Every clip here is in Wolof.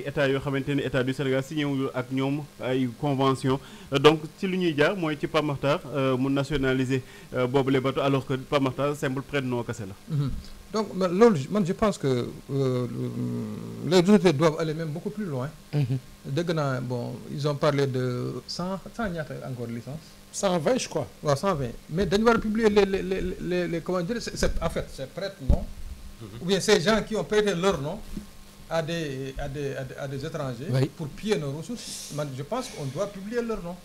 état yoo xamante ni état du Sénégal signé ak ñoom ay convention donc ci lu ñuy jaar mooy ci Pape Makhtar euh, mu nationaliser euh, boobu les alors que Pape Makhtar simple prête-nom kese la mhm. donc man je pense que euh, les autorités doivent aller même beaucoup plus loin mhm. dëgg na bon ils ont parlé de cent cent ñaata encore licence cent vingt je crois waaw cent vingt mais dañu war a publier les les les les comment c'est en fait c'est prête-nom mhm. ou bien ces gens qui ont prêté leur à des, à des, à des, à des étrangers pour piller nos ressources, je pense qu'on doit publier leur nom.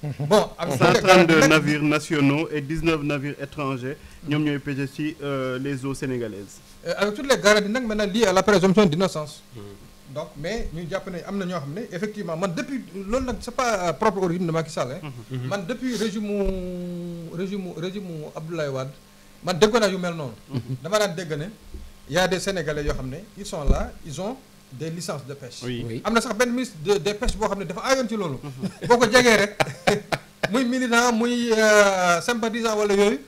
Mhm. bon avec 132 navires nationaux et 19 navires étrangers ñoom ñooy pêche ci euh, les eaux sénégalaises. Euh, avec toutes les garanties nag maintenant liées à la présomption d'innocence. donc mais ñu jàpp ne am na ñoo xam ne effectivement man depuis loolu nag c'est pas euh, propre au régime de Macky Sall. Mhm. Mhm. man depuis régime mu régime mu régime mu Abdoulaye Wade man dégg yu mel noonu. dama daan dégg il y a des sénégalais yoo xam ne ils sont là ils ont des licences de pêche. am na sax benn ministre de des pêches boo xam ne dafa aayoon ci loolu. Mhm. boo ko jegee rek muy militant muy euh, sympathisant wala yooyu.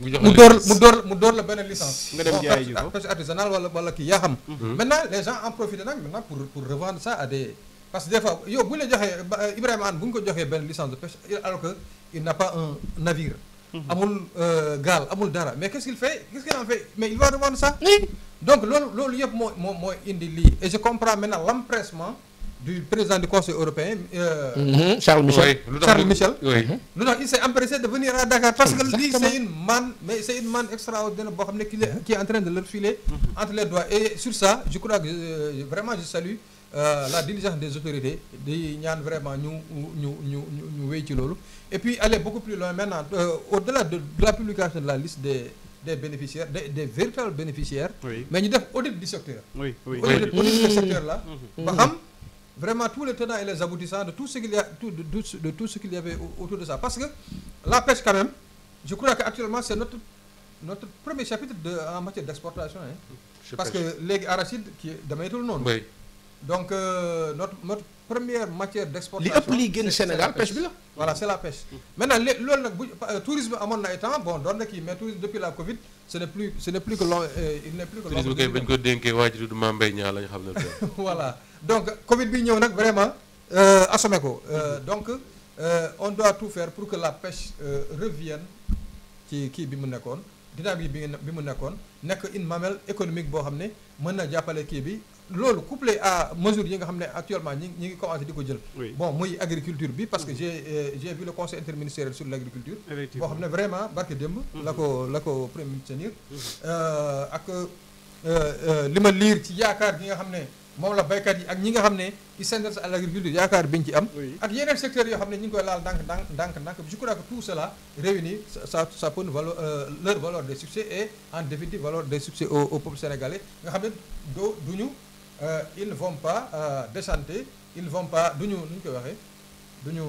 mu jox mu door mu door mu door la benn licence. nga dem jaay ji ko ah, pêche wala wala kii yaa xam. Mhm. en profitent nag maintenant pour pour revendre ça à des. parce que des fois yow bu ñu la joxee Ibrahima Anne bu ñu ko joxee benn licence de pêche alors que il n'a pas un navire. Mhm. amul euh, gaal amul dara mais qu'est-ce qu'il fait qu'est-ce qu'il fait mais il va revendre ça donc loolu loolu yëpp moo moo indi lii et je comprends maintenant l'empressement du président du conseil européen. Euh, mhm. Charles Michel Charles Michel. Mhm. lu tax il s'est empressé de venir à Dakar. parce que lii c'est une manne mais c'est boo xam ne qui de leur filer entre les doigts et sur ça je crois que euh, vraiment je salue. Euh, la diligence des autorités di ñaan vraiment ñu ñu ñu ñu ñu wéy ci loolu et puis aller beaucoup plus loin maintenant euh, au-delà de la publication de la liste des des bénéficiaires des des véritables bénéficiaires. mais ñu def audit du secteur. audit du secteur là. Mm-hmm. Mm-hmm. ba vraiment tous le tenants et les aboutissants de tout ce qu'il y a de tout de tout ce qu'il y avait de ça parce que la pêche quand même je crois que actuellement c'est notre notre premier chapitre de en matière que léegi arachide kii damay tul noonu. donc euh, notre notre première matière d'exportation li ëpp liy génn Sénégal pêche bi la. voilà c'est la pêche maintenant léegi loolu nag bu euh, tourisme amoon na ay temps bon doon na kii mais tourisme depuis la Covid ce n'est plus ce n'est plus que long euh, il n'est plus que. la ñu donc Covid bi ñëw nag vraiment euh, assommé ko donc on doit tout pour que la pêche revienne ci kii bi mu nekkoon dynamique bi bi mu nekkoon nekk une mamelle économique boo xam ne mën na jàppale kii bi. loolu couplé a mesure yi nga xam ne actuellement ñi ñi ngi commencé di ko jël bon muy agriculture bi parce que mm-hmm. euh, j'ai vu le conseil interministériel sur l' agriculture boo xam ne vraiment barke démb mm-hmm. la ko la ko premier ministre mm-hmm. euh, ak euh, li ma liir ci yaakaar gi nga xam ne moom la baykat yi ak ñi nga xam ne ils s'intéressent à l' agriculture yaakaar biñ ci am ak yeneen secteurs yoo xam ne ñi ngi koy laal ndànk ndànk ndànk ndànk je crois que tout cela réunit ça ça peut valoir leur valeur des succès et en définitive nga xam ne doo duñu Euh, ils vont pas euh, déchanter ils vont pas du ñu nu ñu koy waxe du ñu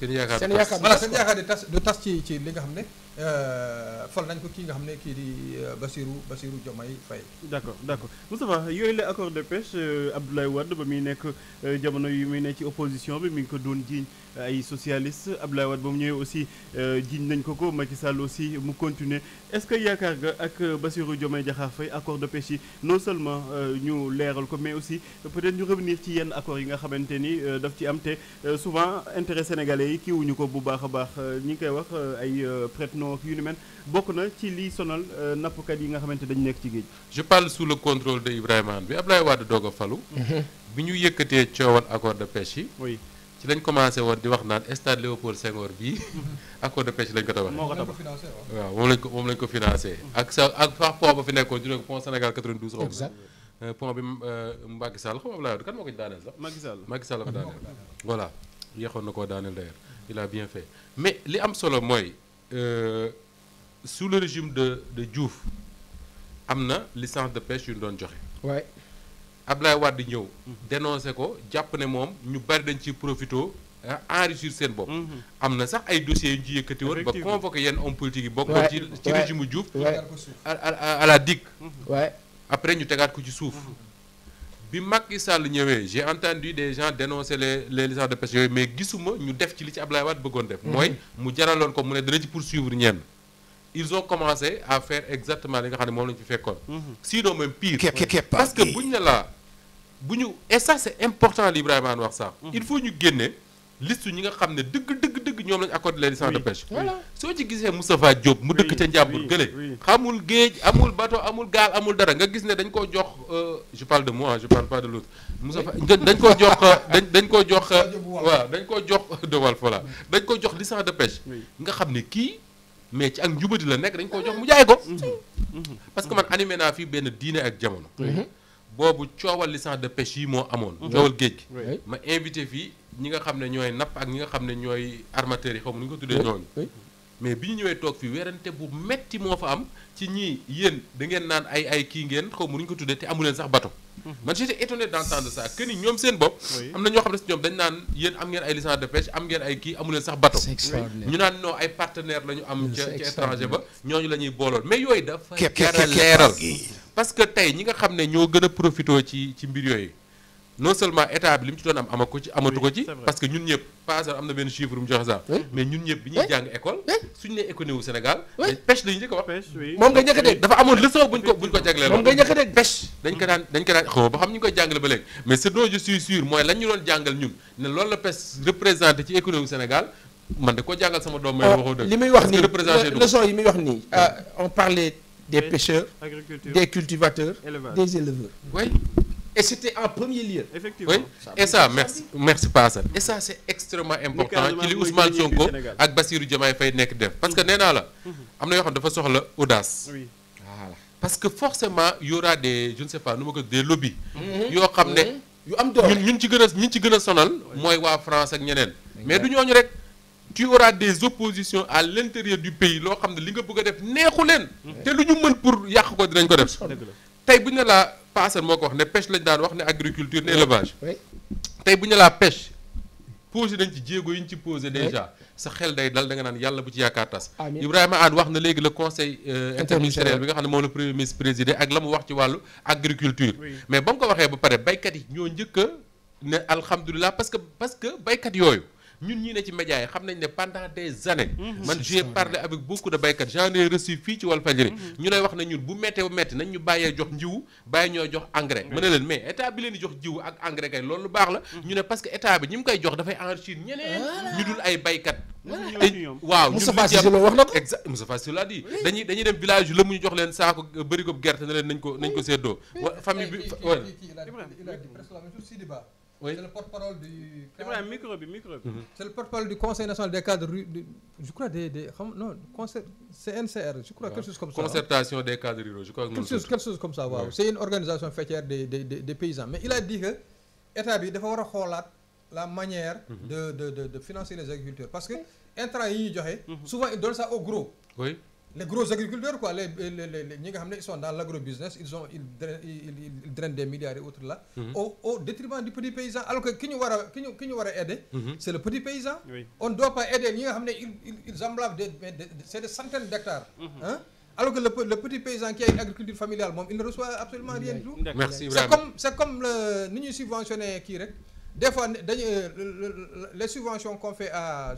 seen yaakaar seen yaakaar voilà seen yaakaar tas du tas ci ci li nga xam ne euh, fal nañ ko kii nga xam ne kii di euh, Bassirou Bassirou Diomaye Faye d'accord d'accord Moustapha yooyu la accord de pêche euh, Abdoulaye Wade ba muy nekk jamono yi mu nekk ci opposition bi mi ngi ko doon jiiñ ay socialiste Abdoulaye Wade ba mu ñëwee aussi jiiñ nañ ko ko Macky Sall aussi mu continuer est-ce que yaakaar nga ak Bassirou Diomaye Diakhar Faye accord de pêche yi non seulement ñu leeral ko mais aussi peut-être ñu revenir ci yenn accords yi nga xamante ni daf ci am te souvent intérêt sénégalais yi kiiwuñu ko bu baax a baax euh, ñi ngi koy wax euh, ay euh, prête-nom yu ni mel bokk na ci liy sonal nappkat yi nga xamante dañu nekk ci géej. je parle sous le contrôle de Ibrahima Anne bi Abdoulaye Wade doog a falu. bi ñu yëkkatee coowal accord de pêche yi. ci lañ commencé woon di wax naan stade Léopold Senghor bii. accord de pêche lañ ko tabax. moo ko tabax waaw moom pont ba fi nekkoon du nekk pont Sénégal 92. bi Macky Sall xam nga Abdoulaye ko daaneel sax. Macky Sall Macky ko daaneel voilà. yéexoon na ko daaneel d'ailleurs il a bien fait mais li am solo mooy euh, sous le régime de de juuf am na licence de pêche yu ñu doon joxe. waay Ablaye Wade ñëw. dénoncé ko jàpp ne moom ñu bari dañ ci profito euh, enrichir seen bopp. Mm-hmm. am na sax ay dossiers yu ñu ci yëkkati woon. ba convoqué yenn om politique yi. bokkoon ci ci a Diouf. à la DIC. waay après ñu tegaat ko ci suuf. Mm-hmm. bi Macky Sall ñëwee j'ai entendu des gens dénoncer les les licences de pêche yooyu mais gisuma ñu def ci li ci Abdoulaye Wade bëggoon def. Mhm. mooy mu jaraloon ko mu ne dana ci poursuivre ñenn. ils ont commencé à faire exactement li nga xam ne moom la ñu fi fekkoon. Mhm. sinon même parce que buñ ne la bu ñu et ça c'est important li Ibrahima wax saa mhm. il faut ñu génne. liste ñi nga xam ne dëgg dëgg dëgg ñoom lañ accordé les licences de pêche soo ci gisee Moustapha Diop mu dëkk ca njàmbur gële xamul géej amul bateau amul gaal amul dara nga gis ne dañ koo jox euh, je parle de moi je par pas de l'autre Moustapha dañ koo jox dañ dañ koo jox waaw dañ koo jox de Walf voilà dañ koo jox licence de pêche nga xam ne kii mais ci ak njubadi la nekk dañ koo jox mu jaay ko mm-hmm. Mm-hmm. parce que man animé naa fii benn diine ak jamono boobu coowal licence de pêche yi moo amoon mm-hmm. coowal géej gi ma invité fii ñi nga xam ne ñooy napp ak ñi nga xam ne ñooy armateurs yi xaw ma nu ñu ko tuddee ñooñu mais bi ñu ñëwee toog fii werante bu metti moo fa am ci ñii yéen da ngeen naan ay ay kii ngeen xaw ma nu ko tuddee te amu sax bato mhm. man j'étais étonné d'entendre ça que seen bopp am na ñoo xam ne si ñoom dañ naan yéen am ngeen ay licence de pêche am ngeen ay kii amu leen sax bato ñu naan non ay partenaire la ñu am ca ca étranger ba ñooñu la ñuy booloon mais yooyu dafa keral parce que tey ñi nga xam ne ñoo gën a profité ci ci mbir yooyu non seulement état bi li mu ci doon am ama ko ci amatu ko ci parce que ñun ñëpp pas am na benn chiffre mu joxe sax mais ñun ñëpp bi ñuy jàng école suñu ne économie Sénégal pêche la ñu njëkk a wax moom nga a dégg dafa amoon leçon buñ ko buñ ko a ko daan dañ ko daan xaw ba xam ñu ngi koy jàngale ba léegi mais ce dont je suis sûr mooy lañ ñu jàngal ñun ne loolu la pêche représenté ci économie Sénégal man da koo jàngal sama doom may ah, li muy wax nii leçon yi muy wax nii ah, on parlait des pêcheurs des cultivateurs des éleveurs et c'était en premier lieu. effectivement oui et ça merci merci Paasan. et ça c'est extrêmement important ci li Ousmane Sonko ak Bassirou Diomaye Faye nekk def parce que mm-hmm. nee naa mm-hmm. yoo xam dafa forcément y aura des je nu ma ko des lobbies. Mm-hmm. yoo xam ne yu am doole ñun ñun ci gën a ñun ci gën a sonal. mooy waa France ak ñeneen. mais du ñooñu rek. tu auras des oppositions à l'intérieur du pays loo xam ne li nga bëgg def neexu leen. te lu ñu mën pour yàq ko dinañ ko def. tey bu ñu la. paasan moo ko wax ne pêche lañ daan wax ne agriculture ne élevage tey bu ñu laa pêche posé nañ ci jéego yi ñu ci posé déjà sa xel day dal da naan yàlla bu ci yaakaar tas Ibrahima Ad wax na léegi le conseil euh, interministériel bi nga xam ne moom la premier ministre présidé ak la mu wax ci wàllu agriculture mais ba mu ko waxee ba pare baykat yi ñoo njëkk ne alhamdulilah parce que parce que baykat yooyu ñun ñii ne ci média yi xam nañ ne pendant des années man j'ai parlé avec beaucoup de a j'en ai reçu fii ci Walfadjri ñu lay wax ne ñun bu méttee bu métti nañ ñu bàyyee jox njiwu bàyyi leen mais état bi leen di jox jiwu ak engrais kay loolu lu baax la ñu ne parce que état bi ñi mu koy jox dafay enrichir ñeneen ñu dul ay béykat waaw Moustapha Cissé Lo wax na ko exact Moustapha Cissé Lo a dit dañuy dañuy dem village yu lëmu ñu jox leen saako bërigo gerte ne leen nañ ko nañ famille bi oui c'est le porte-parole du. Ibrahima micro bi micro bi. Mhm. c'est le porte-parole du conseil national des cadres du je crois des des xam non conseil CNCR je crois. quelque chose comme ça concertation des cadres ruraux je crois. quelque chose quelque chose comme ça waaw. c'est une organisation faîtière des des des paysans mais il a dit que état bi dafa war a xoolaat la manière. Mhm. de de de de financer les agriculteurs parce que intrants yi ñuy joxe. Mhm. souvent ils donnent ça au les gros agriculteurs quoi les les ñi nga xam ne ils sont dans business ils ont drainent des milliards et autres là. Mhm. au détriment du petit paysan alors que ki ñu war a ki mhm. le petit paysan. on ne pas aider ñi nga xam ne ils ils des centaines d' mhm. alors que le petit paysan qui a agriculture familiale moom il ne reçoit absolument rien tout. merci comme ni ñuy subventionné kii rek. des fois dañuy euh, les subventions qu'on fait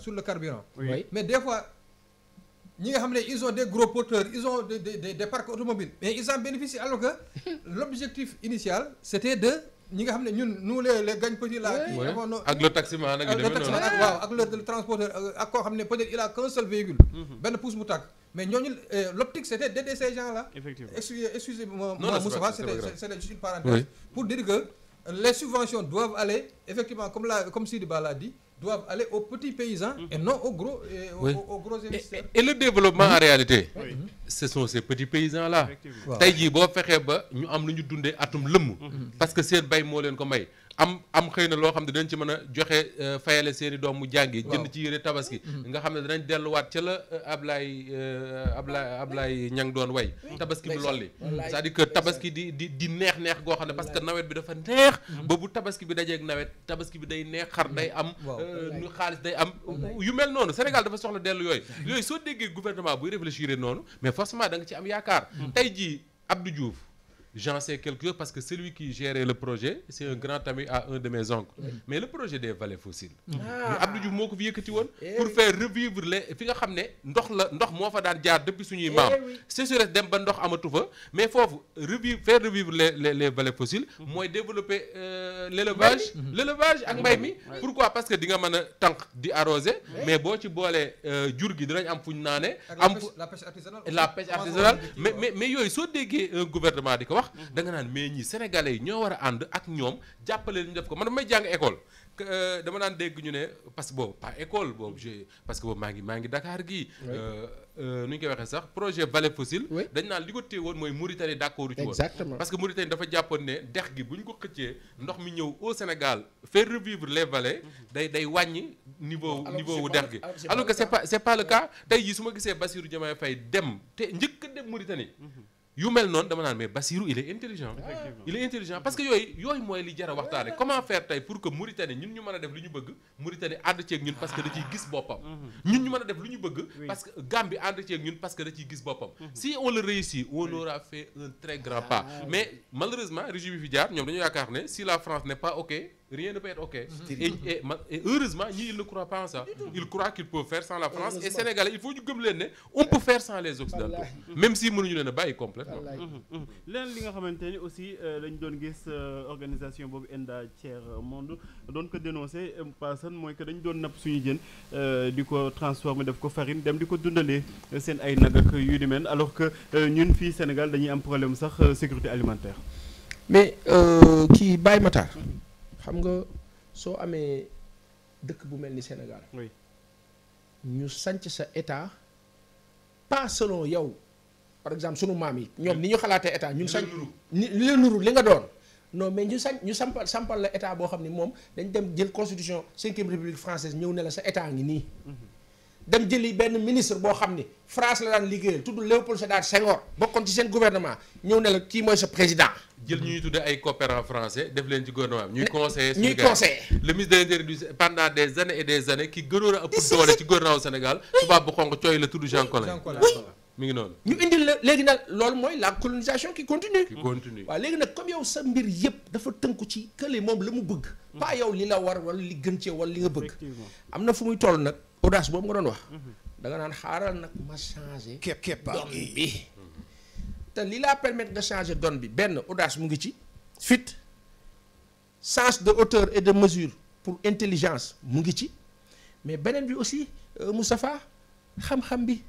sur le carburant. oui mais des fois. ñi nga xam ne ils ont des gros porteurs ils ont des des des automobiles mais ils en bénéficient alors que l'objectif initial c'était de ñi nga xam ne ñun nu les gagne petit là. kii ak le taximan ak le koo xam ne peut-être il a qu'un véhicule. Mm-hmm. benn pousse mu tàkk mais ñooñu euh, l'optique c'était d'aider ces gens là. effectivement excusez excusez moi Moustapha c'était c'était juste parenthèse. pour dire que les subventions doivent aller effectivement comme la comme Sidi Ba l'a doivent aller aux petits paysans mhm. et non aux gros, et oui. aux, aux, gros investisseurs. Et, et, le développement mhm. en réalité oui. ce sont ces petits paysans là jii boo fexee ba ñu am lu ñu dundee atum lëmm mhm. parce que seen bay moo leen ko may am am xëy na loo xam ne dañ ci mën a joxe euh, fayale seen i doom mu jàngi jënd ci yére tabaski mm-hmm. nga xam ne danañ delluwaat ca la euh, euh, Ablaye Ablaye Ablaye ñang doon way tabaski bi lool li c'est-à-dire tabaski di di di neex neex goo xam ne parce que nawet bi dafa neex mm-hmm. ba bu tabaski bi dajeek nawet tabaski bi day neex xar day am mm-hmm. nu xaalis day am yu mel noonu Sénégal dafa soxla dellu yooyu yooyu soo déggee gouvernement buy réfléchir noonu mais forcément da nga ci am yaakaar tey jii Abdou Diouf j'en sais quelque parce que celui qui gérait le projet c'est un grand ami à un de mes oncles mm-hmm. mais le projet des vallées fossiles mm-hmm. ah. Abdou moo ko fi yëkkati woon eh pour faire revivre les fi nga xam ne ndox la ndox moo fa daan jaar depuis suñuy eh maam sécheresse dem ba ndox amatu fa mais foofu revivre le revivre les les les vallées fossiles mm-hmm. mooy développer euh, l'élevage l'élevage ak mbay mi pourquoi parce que di nga mën a tànk di arroser mais boo ci boolee euh, jur gi dinañ am fuñ naane am la pêche artisanale la pêche artisanale yooyu soo déggee un gouvernement ko wax wax da nga naan mais ñii sénégalais yi ñoo war a ànd ak ñoom jàppale ñu def ko man ba may jàng école euh, dama naan dégg ñu ne parce que boobu pas école boobu j parce que boobu maa ngi maa ngi Dakar gii euh, euh, nu ñu koy waxee sax projet vallée fossile dañ naan li ko téye woon mooy Mauritanie d'accord ci woon parce que Mauritanie dafa jàppoon ne dex gi bu ñu ko xëccee ndox mi ñëw au Sénégal faire revivre les vallées mhm. day day wàññi niveau niveau wu dex gi alors que c'est pas c'est pas le cas tey jii su ma gisee Bassirou Diomaye Faye dem te njëkk a dem Mauritanie mhm. yu mel noonu dama naan mais Bassirou il est intelligent il est intelligent parce que yooyu yooyu mooy li jara waxtaane comment faire tey pour que Mauritanie ñun ñu mën a def lu ñu bëgg Mauritanie ànd ceeg ñun parce da ciy gis boppam ah. mhm. ñun ñu mën a def lu ñu bëgg parce que Gambie ànd ceeg ñun parce da ciy gis boppam mhm. si on le réussit on fait un très grand pas ah, mais malheureusement régime bi fi jaar ñoom dañu yaakaar ne si la France n'est pas ok rien ne peut être OK. Mm-hmm. et et heureusement ñii ils ne croient pas en ça. ils croient qu'ils peuvent faire mm-hmm. mm-hmm. li nga xamante ni aussi euh, lañ doon gis euh, organisation boobu Enda Tiers Monde doon ko dénoncé euh, personne mooy que dañu doon napp suñu jën di ko transformer def ko farine dem di ko dundalee seen ay nag ak yu ni mel alors que ñun fii Sénégal dañuy am problème sax sécurité alimentaire. mais kii Baye Matar. xam nga soo amee dëkk bu mel ni Sénégal. ñu sanc sa état pas selon yow par exemple sunu maam yi. ñoom ni ñu xalaatee état ñun sañ li la nuru li nga doon. non mais ñu sañ ñu sampal sampal la état boo xam ni moom dañ dem jël constitution cinquième république française ñëw ne la sa état ngi nii. Mhm. dem jëli benn ministre boo xam ni France la daan liggéeyal tudd Léopold Sédar Senghor bokkoon ci seen gouvernement ñëw ne kii mooy sa président. jël ñuy tuddee ay coopérants français def leen ci gouvernement ñuy conseiller ñuy conseiller le ministre de l'Intérieur pendant des années et des a ëpp doole ci ngi noonu ñu indil la léegi nag loolu mooy la colonisation qui continue qui léegi nag comme yow sa mbir yëpp dafa tënku ci kële moom la mu bëgg hmm. pas yow li la war wala li gën ci wal li nga bëgg am na fu muy toll nag audace boobu nga doon wax. Mhm. da naan xaaral nag ma changer. képp képp donne bi. te lii laa permettre nga changer donne bi benn audace mu ngi ci. fit sens de hauteur et de mesure pour intelligence mu ngi ci mais beneen bi aussi euh, Moustapha xam-xam bi.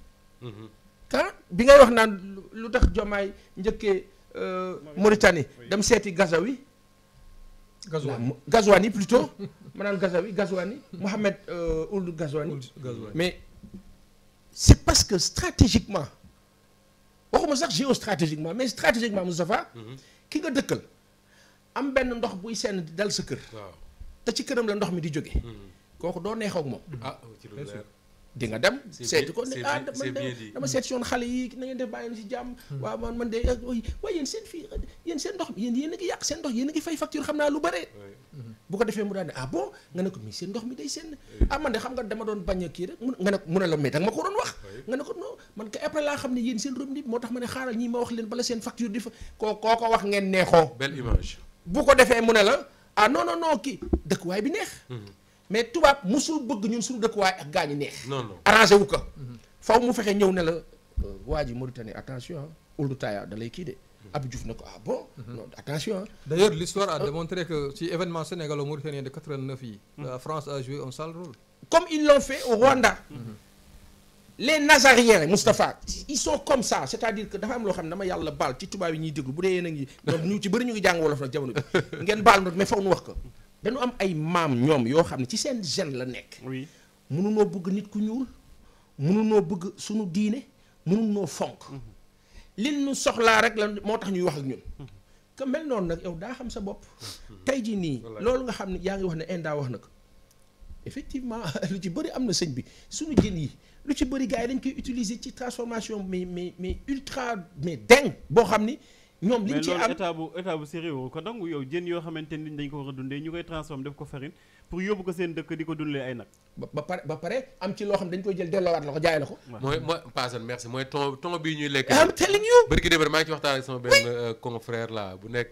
ah bi ngay wax naan lu tax Jomaay njëkkee euh, Mauritanie dem seeti Gazawi. Gazouani Gazouani plutôt ma naan Gazawi Gazouani Mohamed euh, Ould Gazouani mais c'est parce que stratégiquement waxuma sax géostratégiquement mais stratégiquement Moustapha mhm. ki nga dëkkal am benn ndox buy senn dal sa kër te ci këram la ndox mi di jóge mhm. kooku doo neexoo moom ah, di nga dem. seeti ko ne ah man de dama seet si woon xale yi na def bàyyi na si jàmm. Hmm. waaw man de eh, waaye seen fii yéen seen ndox mi yéen yéen a ngi yàq seen ndox yéen ngi fay facture xam naa lu bare. Hmm. bu ko defee mu daan ne ah bon nga ne ko mais seen ndox mi day seen ah man de dama doon bañ a kii rek nga ne mun ma ko doon wax. nga ne ko non man xam ne yéen seen robinet moo tax ma xaaral ñii ma wax leen bala seen koo ko wax ngeen neexoo. belle ko defee mu ne la ah non non non kii dëkkuwaay bi neex hmm. mais tubaab musul bëgg ñun suñu dëkkuwaay ak gaañu neex. non non arrangé wu ko. Mhm. faw mu fexe ñëw ne la euh, waa ji Mauritanie attention Ould Taya da lay kii de. Mhm. Abdou Diouf ko ah bon. Mhm. attention. d' l'histoire a euh, démontré que ci événement sénégalo-mauritanien de 89 yi. France a joué un sale rôle. comme ils l'ont fait au Rwanda. les Nazariens Moustapha ils sont comme ça c'est-à-dire que dafa am loo xam ne dama yàlla baal ci tubaab yi ñuy déglu a ngi ñoom ñu ci bëri ñu ko. dañu am ay maam ñoom yoo xam ne ci seen gène la nekk. oui mënunoo bëgg nit ku ñuul mënunoo bëgg suñu diine mënunoo fonk. Mhm. lin nu soxlaa rek la moo tax ñuy wax ak ñun. que mel noonu nag yow daa xam sa bopp. tey jii nii loolu nga xam ne yaa ngi wax ne Enda wax na ko effectivement lu ci bëri am na sëñ bi suñu jën yi lu ci bëri gars yi dañ koy utiliser ci transformation mais mais mais ultra mais dingue boo xam ni. ñoom liñ ci am mais loolu état bu ko dangu yow jën yoo xamante ni dañ ko wax a dundee ñu koy transforme def ko farine pour yóbbu ko seen dëkk di ko dundalee ay nag. ba pare ba pare am ci loo xam dañ koy jël delloowaat la ko jaay la ko. mooy mooy Paasan merci mooy ton ton bii ñuy lekk. am telling you bërki démb maa ngi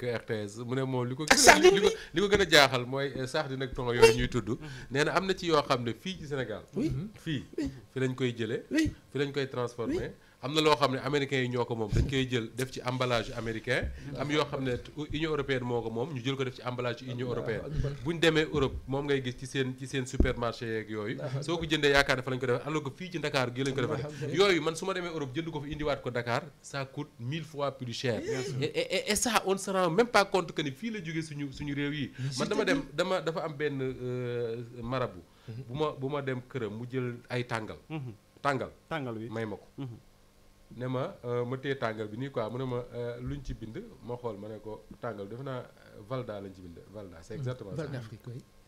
euh, bu ne moom li ko. gën ko li ko gën a jaaxal mooy euh, sax di nag ton yooyu ñuy tudd. Mm-hmm. nee na am na ci yoo xam ne fii ci Sénégal. Mm-hmm. fii fii lañ koy jëlee. fii lañ koy transformer am na loo xam ne américains yi ñoo ko moom dañ koy jël def ci emballage américain am yoo xam ne union européenne moo ko moom ñu jël ko def ci emballage union européenne ah, bu ñu demee Europe moom ngay gis ci seen ci seen supermarché yeeg yooyu ah, soo ko jëndee yaakaar dafa lañ ko defee alors que fii ci Dakar gi lañ ko defee yooyu man su ma demee Europe jënd ko fi indiwaat ko Dakar sa coûte mille fois plus cher et sa on se rend même pas compte que ni fii la jógee suñu suñu réew yi man dama dem dama dafa am benn euh, marabu mhm. bu ma bu ma dem këram mu jël ay tàngal mhm. tàngal tàngal ne ma euh, ma téye tàngal bi nii quoi mu ne ma euh, lu ñu ci bind ma xool ma ne ko tàngal defe naa euh, Valda lañ ci bind Valda c'est exactement ça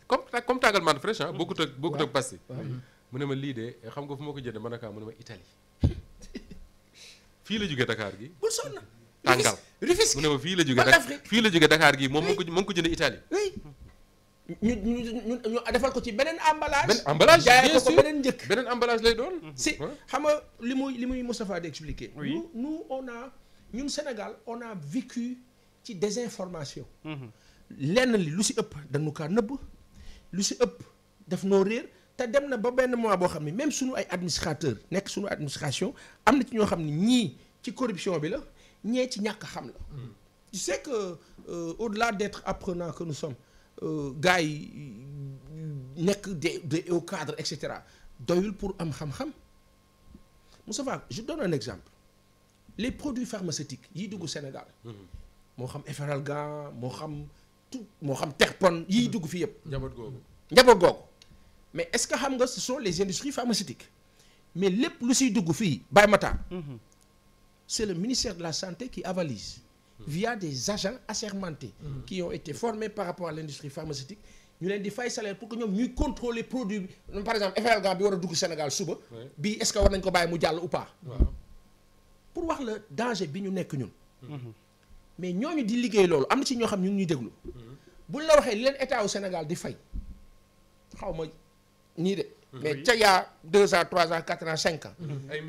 comme comme tàngal man fraîche ah mm. bokkut ak bokkut ak passé mm-hmm. mu ne ma lii de xam nga fu ma ko jënd ma ne ko mu ne ma Italie fii la jóge Dakar gi bul sonn tàngal mu ne ma fii la jóge fii la jóge Dakar gi moom ma ko ko jënd Italie mm. ñu ñu ñu defal ko ci beneen emballage. beneen emballage bien sûr ko beneen njëkk. beneen emballage lay doon. Mm-hmm. si xam nga li muy li muy Moustapha di expliquer. oui nous nous on a ñun Sénégal on a vécu ci désinformation. Mm-hmm. lenn li lu si ëpp dañu kaa nëbb. lu si ëpp daf noo réer te dem na ba benn mois boo xam ne même suñu ay administrateur nekk suñu administration am na ci ñoo xam ne ñii ci corruption bi la ñee ci ñàkk xam la. je mm-hmm. sais que euh, au-delà d'être apprenant que nous sommes. Euh, gars yi nekk des des hauts cadres et cetera doyul pour am xam-xam Moustapha je donne un exemple les produits pharmaceutiques yiy dugg Sénégal. Mm-hmm. moo xam Efferalgan moo xam tout moo xam tex Terpone yiy dugg fii yëpp. njaboot googu njaboot googu mais est-ce que xam nga ce sont les industries pharmaceutiques mais lépp lu siy dugg fii Baye Mata. Mm-hmm. c'est le ministère de la santé qui avalise. via des agents assermentés. Mhm. qui ont été formés par rapport à l'industrie pharmaceutique. ñu leen di fay salaire pour que ñoom ñuy contrôler produit bi par exemple FLNGA bi war a dugg Sénégal suba. bii est war nañ ko bàyyi mu jàll ou pas. pour wax la danger bi ñu nekk ñun. Mhm. mais ñoo ñooñu di liggéey loolu am na ci ñoo xam ñu ngi ñuy déglu. Mhm. buñ la waxee li leen état wu Sénégal di fay xaw ma ñii de. mais ca yaa deux ans trois ans quatre ans cinq ans. ay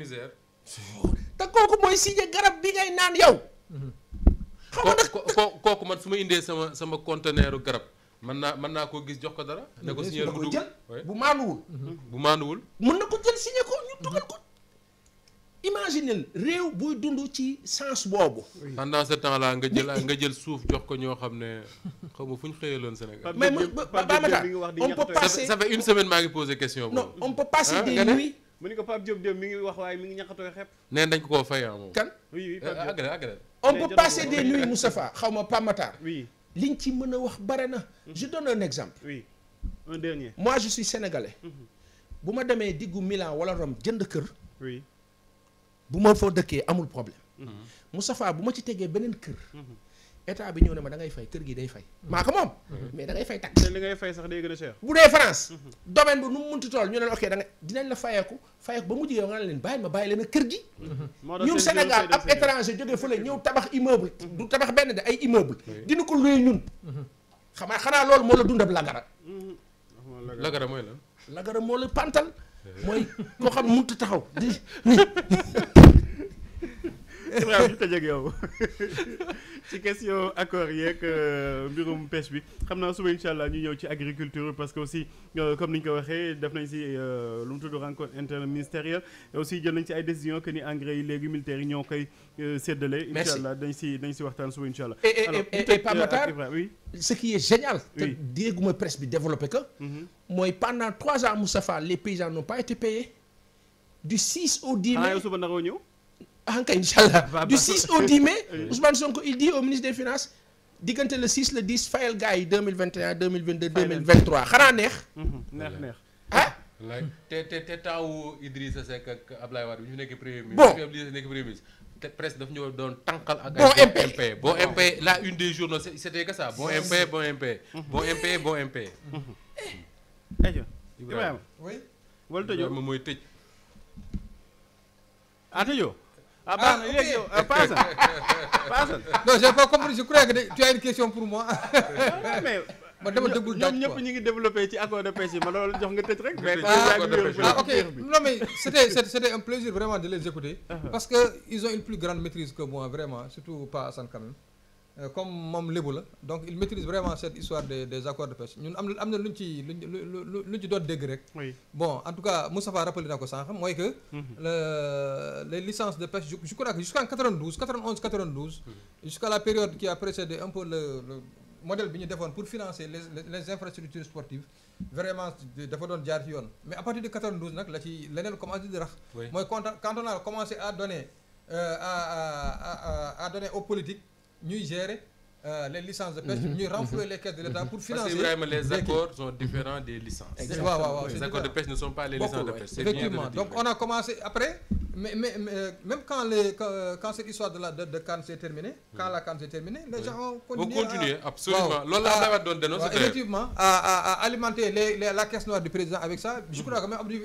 te kooku mooy signé garab bi ngay naan yow. xam nga nag kooku man su ma indee sama sama conteneur garab mën naa mën naa koo gis jox ko dara. ne ko signé ko jël bu maanuwul. Mm-hmm. bu maanuwul. mën na ko jël signé ko ñu dugal ko. imaginez réew buy dund ci sens boobu. pendant temps là nga jël nga jël suuf jox ko ñoo xam ne xaw ma fu ñu xëyaloon Sénégal. mais ba ba on peut passer ça ah, fait une maa ngi posé question. non on peut passer des nuits. mu ni ko Pape Diop Diop mi ngi wax waaye mi ngi ñaxatoo xepp. nee dañ ko koo fay ah, moom. kan oui oui Pape Diop ah, on peut passer des nuits Moustapha xaw ma Pape Matar. oui liñ ci mën a wax bare na. Mhm. je donne un exemple. oui un dernier. moi mhm. bu ma demee diggu Milan wala Rome jënd kër. bu ma foo dëkkee amul problème. Mhm. Moustapha bu ma ci tegee beneen kër. état bi ñëw ne ma da ngay fay kër gi day fay. maa ko moom. Mhm. mais da ngay fay tax. sax day gën a cher. bu dee France. Mhm. domaine bu nu mu munti tool ñu ne ok da nga dinañ la fayeeku fayeeku ba mu jigéen nga ne leen bàyyi ma bàyyi leen a kër gi. Mhm. ñun Sénégal ab étranger jógee fële ñëw tabax immeuble. du tabax benn de ay immeuble. dina ko luy ñun. xamaa xanaa loolu moo la dundab lagara. lagara mooy lan. lagara moo la pantal. Eh. mooy koo xam munti taxaw di. waaw ñu tëjee ak yow ci question accord yeeg euh, mbirum pêche bi xam naa suba incha ñu ñëw ci agriculture parce que aussi euh, comme ni ñu ko waxee def nañ si euh, lu mu tudd rencontre interministérielle aussi jël nañ ci ay décision que ni engrais yi léegi militaires yi ñoo koy séddale. merci incha allah dañ si dañ si waxtaan suba incha allah. alors et Pape Matar oui. ce qui est génial. te dégguma presse bi développé que. Mhm. mooy pendant trois ans Moustapha les paysans n'ont pas été payés du 6 au 10 mai. suba ñëw. ah kay incha allah du 6 au 10 mai Ousmane Sonko il dit au ministre des finances diggante le 6 le 10 fayal gars yi 2021 2022 2023 xanaa neex. Mhm. neex neex ah. te te te taawu Idrissa Seck ak Ablaye Wade bi ñu nekk premier ministre. bon bi nekk premier ministre. te presse daf ñoo doon tànqal ak. bon MP bon MP la une des journaux c'était que ça bon MP mm-hmm. bon MP. Mm-hmm. bon MP bon MP. Mm-hmm. Ibrahima mooy tëj. Ah, ah baax na ah, léegi yow Paasan ah, Paasan non j'ai pas compris je croyais que une question pour moi. ma dama déglu ñoom ñu ngi développé ci accord de pêche ma loolu jox nga tëj rek. ah ok non mais c'était un plaisir vraiment de les uh-huh. parce que ils ont une plus grande maîtrise que moi vraiment surtout Paasan quand même. Euh, comme moom lébu la donc il maîtrise vraiment cette histoire des des accords de pêche ñun am na am na lu ñu ci lu ñu lu ñu ci doon dégg rek. bon en tout cas Moustapha rappelé na ko sànq mooy que. Mhm. les licences de pêche je crois que jusqu'en 92 91 92. jusqu'à la période qui a précédé un peu le le bi ñu defoon pour financer les les infrastructures sportives vraiment dafa doon jaar ci yoon. mais à partir de 92 la ci leneen commencé mooy quand on a commencé à donner euh, à à à ñuy gérer euh, les licences de pêche. Mhm. ñuy mhm. renflouer les caisses de l'État pour financer. parce que Ibrahima les accords sont différents des licences. exactement waaw waaw les accords de pêche ne sont pas les licences de pêche. effectivement donc on a commencé après. mais mais même quand les quand cette histoire de la de de CAN s'est terminée. Hmm. quand la CAN s'est terminée les gens ont. continué à continuer absolument loolu la nawet doon dénoncer. effectivement à à à alimenter les la caisse noire du président avec ça. je hmm. crois que même Abdou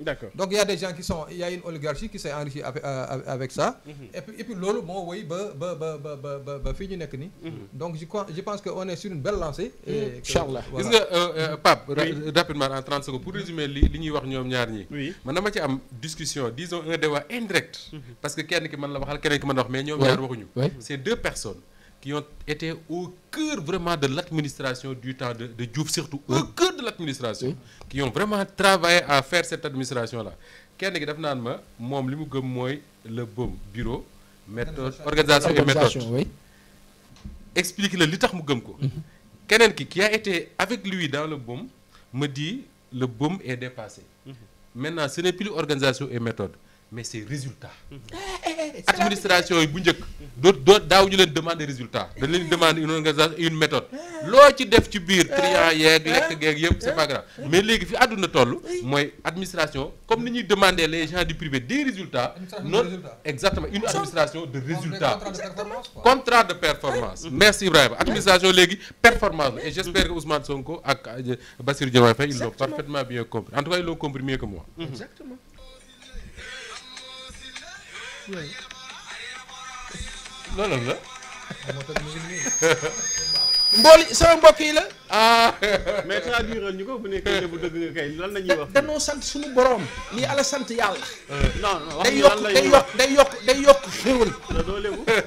d'accord donc y des gens qui sont y une oligarchie qui s'est enrichie avec euh, ça. Hmm. et puis loolu moo woy ba ba ba ba ba ñu nekk ni donc je je pense que on est sur une belle lancée. inchallah gis euh, euh, rapidement en 30 secondes pour résumer li ñuy wax ñoom ñaar ñi. man dama ci am discussion ils ont un débat indirect. Mhm. parce que kenn ki man la waxal keneen ki mën la wax mais ñoom ñaar waxuñu. c'est deux personnes qui ont été au cœur vraiment de l'administration du temps de de Diouf surtout au cœur de l'administration. qui ont vraiment travaillé à faire cette administration la kenn ki daf naan ma moom li mu gëm mooy le BOM bureau. méthode organisation et méthode explique la li tax mu gëm ko. Mhm. keneen ki ki a été avec lui dans le BOM ma di le BOM est dépassé. Mhm. maintenant ce n'est plus organisation et méthode mais c'est résultat mmh. administration yi bu njëkk doo doo daaw ñu leen demande résultat dañ leen demande une organisation une méthode loo ci def ci biir triant yeeg lekk geeg yëpp c'est pas grave mais léegi fi àdduna toll mooy administration comme ni ñuy demander les gens du privé des résultats noonu exactement une administration de résultat contrat de performance mmh. merci Ibrahima administration léegi performance la et j'espère que Ousmane Sonko ak euh, Bassirou Diomaye Faye ils l'ont parfaitement bien yooyu. loolu la. mbooli sama mbokk yi la. ah. mais traduire ñu ko bu nekkee bu dëgg kay lan la ñuy danoo sant suñu boroom lii ala sant yàlla. non non wax day yokk day yokk day yokk day